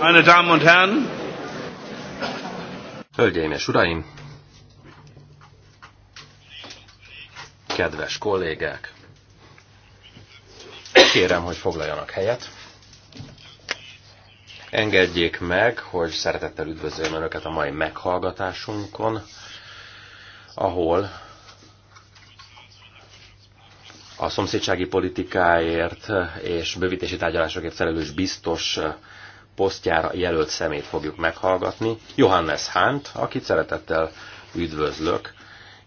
Meine Damen und Herren, Hölgyeim és Uraim, kedves kollégák, kérem, hogy foglaljanak helyet. Engedjék meg, hogy szeretettel üdvözlöm Önöket a mai meghallgatásunkon, ahol a szomszédsági politikáért és bővítési tárgyalásokért felelős biztos posztjára jelölt szemét fogjuk meghallgatni. Johannes Hunt, akit szeretettel üdvözlök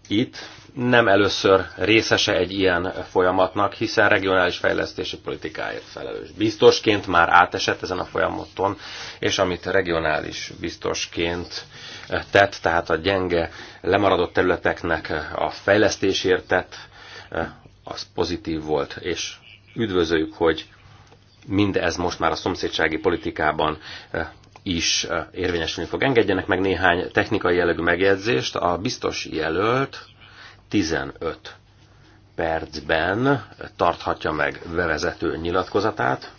itt. Nem először részese egy ilyen folyamatnak, hiszen regionális fejlesztési politikáért felelős. Biztosként már átesett ezen a folyamaton, és amit regionális biztosként tett, tehát a gyenge, lemaradott területeknek a fejlesztésért tett, az pozitív volt, és üdvözöljük, hogy mindez most már a szomszédsági politikában eh, is eh, érvényesülni fog. Engedjenek meg néhány technikai jellegű megjegyzést. A biztos jelölt 15 percben tarthatja meg bevezető nyilatkozatát,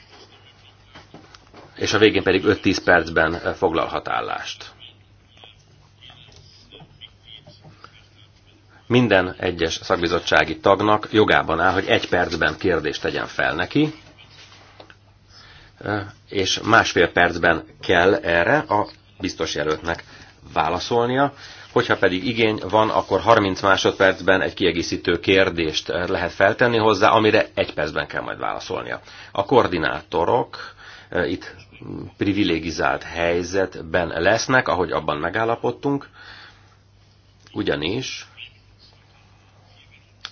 és a végén pedig 5-10 percben eh, foglalhat állást. Minden egyes szakbizottsági tagnak jogában áll, hogy egy percben kérdést tegyen fel neki, és másfél percben kell erre a biztos jelöltnek válaszolnia. Hogyha pedig igény van, akkor 30 másodpercben egy kiegészítő kérdést lehet feltenni hozzá, amire egy percben kell majd válaszolnia. A koordinátorok itt privilegizált helyzetben lesznek, ahogy abban megállapodtunk, ugyanis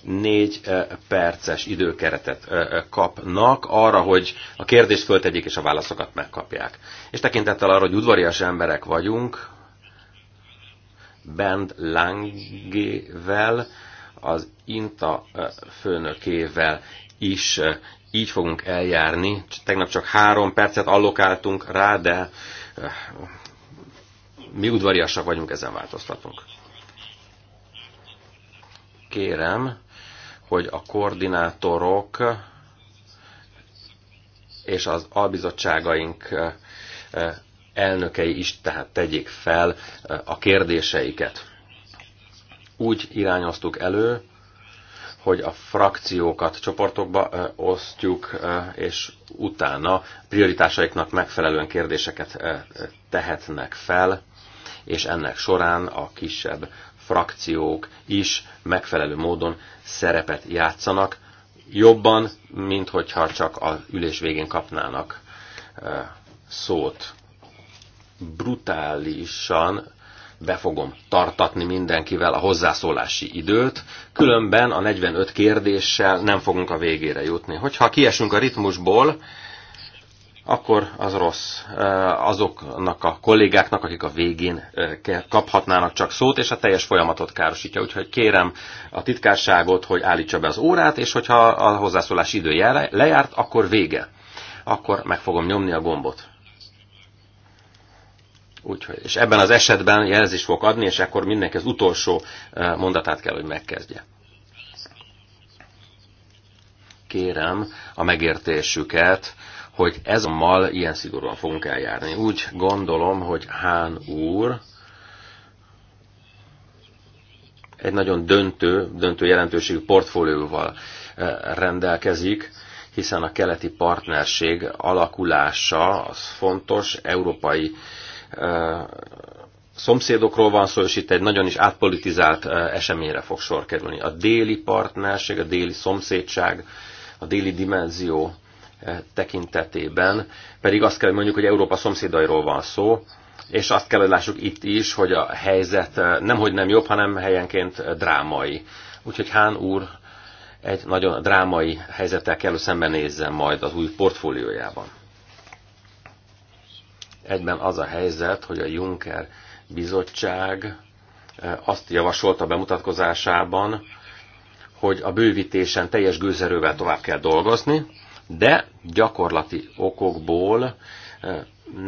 négy eh, perces időkeretet eh, eh, kapnak arra, hogy a kérdést föltegyék és a válaszokat megkapják. És tekintettel arra, hogy udvarias emberek vagyunk, Bend Langével, az INTA főnökével is így fogunk eljárni. Tegnap csak három percet allokáltunk rá, de mi udvariasak vagyunk, ezen változtatunk. Kérem, hogy a koordinátorok és az albizottságaink elnökei is tehát tegyék fel a kérdéseiket. Úgy irányoztuk elő, hogy a frakciókat csoportokba osztjuk, és utána prioritásaiknak megfelelően kérdéseket tehetnek fel, és ennek során a kisebb frakciók is megfelelő módon szerepet játszanak, jobban, mint hogyha csak a ülés végén kapnának szót. Brutálisan be fogom tartatni mindenkivel a hozzászólási időt, különben a 45 kérdéssel nem fogunk a végére jutni. Hogyha kiesünk a ritmusból, akkor az rossz azoknak a kollégáknak, akik a végén kaphatnának csak szót, és a teljes folyamatot károsítja. Úgyhogy kérem a titkárságot, hogy állítsa be az órát, és hogyha a hozzászólás idője lejárt, akkor vége. Akkor meg fogom nyomni a gombot. Úgyhogy, és ebben az esetben jelzést fog adni, és akkor mindenki az utolsó mondatát kell, hogy megkezdje kérem a megértésüket hogy ez a mal ilyen szigorúan fogunk eljárni. Úgy gondolom, hogy Hán úr egy nagyon döntő, döntő jelentőségű portfólióval eh, rendelkezik, hiszen a keleti partnerség alakulása az fontos, európai eh, szomszédokról van szó, és itt egy nagyon is átpolitizált eh, eseményre fog sor kerülni. A déli partnerség, a déli szomszédság, a déli dimenzió tekintetében, pedig azt kell, hogy mondjuk, hogy Európa szomszédairól van szó, és azt kell, hogy lássuk itt is, hogy a helyzet eh, nemhogy nem jobb, hanem helyenként eh, drámai. Úgyhogy Hán úr egy nagyon drámai helyzettel kell, hogy szembenézzen majd az új portfóliójában. Egyben az a helyzet, hogy a Juncker bizottság eh, azt javasolta bemutatkozásában, hogy a bővítésen teljes gőzerővel tovább kell dolgozni, de gyakorlati okokból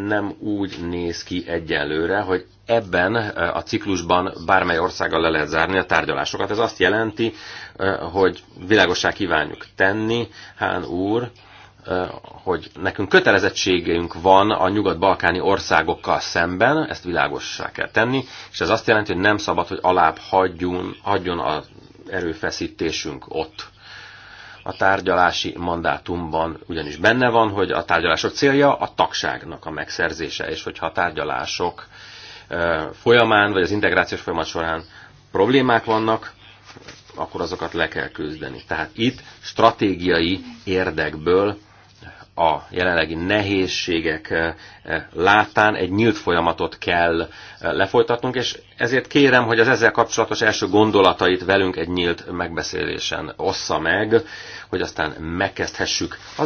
nem úgy néz ki egyenlőre, hogy ebben a ciklusban bármely országgal le lehet zárni a tárgyalásokat. Ez azt jelenti, hogy világossá kívánjuk tenni, Hán úr, hogy nekünk kötelezettségünk van a nyugat-balkáni országokkal szemben, ezt világossá kell tenni, és ez azt jelenti, hogy nem szabad, hogy alább hagyjon, hagyjon az erőfeszítésünk ott. A tárgyalási mandátumban ugyanis benne van, hogy a tárgyalások célja a tagságnak a megszerzése, és hogyha a tárgyalások folyamán, vagy az integrációs folyamat során problémák vannak, akkor azokat le kell küzdeni. Tehát itt stratégiai érdekből a jelenlegi nehézségek eh, eh, látán egy nyílt folyamatot kell eh, lefolytatnunk, és ezért kérem, hogy az ezzel kapcsolatos első gondolatait velünk egy nyílt megbeszélésen ossza meg, hogy aztán megkezdhessük az